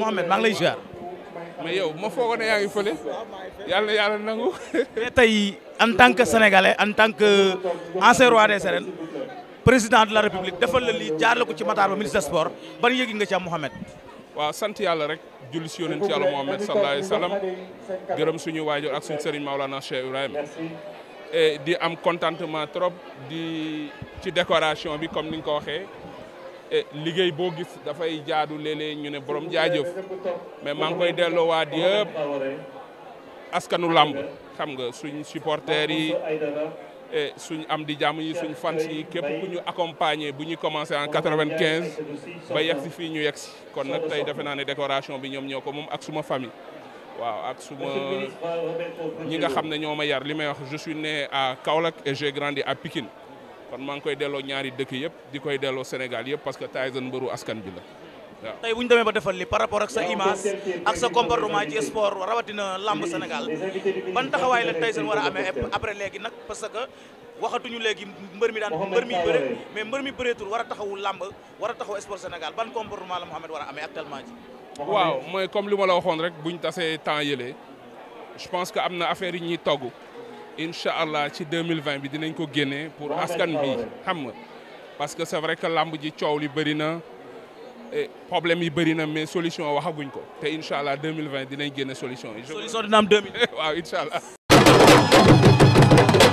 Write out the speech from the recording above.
Mouhamed maa ngi lay ziar. mais yow ma foogoon ne yaa ngi fële yàlla yàlla nangu. mais tey en tant que sénégalais en tant que ancien roi des arènes président de la république defal la lii jaar la ko ci Matar Ba ministre des sports yëgi nga ci am Mouhamed. waaw sant yàlla rek julli si yonent yàlla Mouhamed sallallahu alayhi wa sallam gërëm suñu waajur ak suñu sëriñ Maolana Cheikh Ibrahima. di am contentement trop di ci décoration bi comme ni nga ko waxee. E, liggéey boo gis dafay jaadu léeg ñu ne borom jaajëf mais maa ngi koy delloowaat yëpp askanu làmb xam nga suñ supporters yi e, suñ am di jàmm yi suñ fans yi képp ku ñu accompagner bu ñu commencé en quatre-vingt-quinze ba yegg fii ñu yegg si kon nag tey defe naa ne décoration bi ñoom ñoo ko moom ak suma famille waaw ak suma ñi nga xam ne ñoo ma yar li may wax je ne né à Kaolack et j'ai grandi à Pikine kon maa ngi koy delloo ñaari dëkk yëpp di koy delloo Sénégal yëpp parce que Tyson mbëru askan bi la waaw tey bu ñu demee ba defal li par rapport ak sa image ak sa comportement ci sport rawatina làmb Sénégal ban taxawaay la Tyson war a amee après léegi nag parce que waxatuñu léegi mbër mi daan mbër mi bëre mais mbër mi bëreetul war a taxawu làmb war a taxawu sport Sénégal ban comportement la Mouhamed war ame amee actuellement ji waaw mooy comme li ma la waxoon rek buñ tasee temps yëlee je pense am na affaire yi ñuy togg incha allah ci 2020 bi dinañ ko génnee pour askan bi xam nga parce que c'est vrai que làmb ji coow li bëri na eh, problème yi bëri na mais solution waxaguñ ko te incha allah 2020 dinañ génne solution yi. solution dina am 2000. waaw incha allah.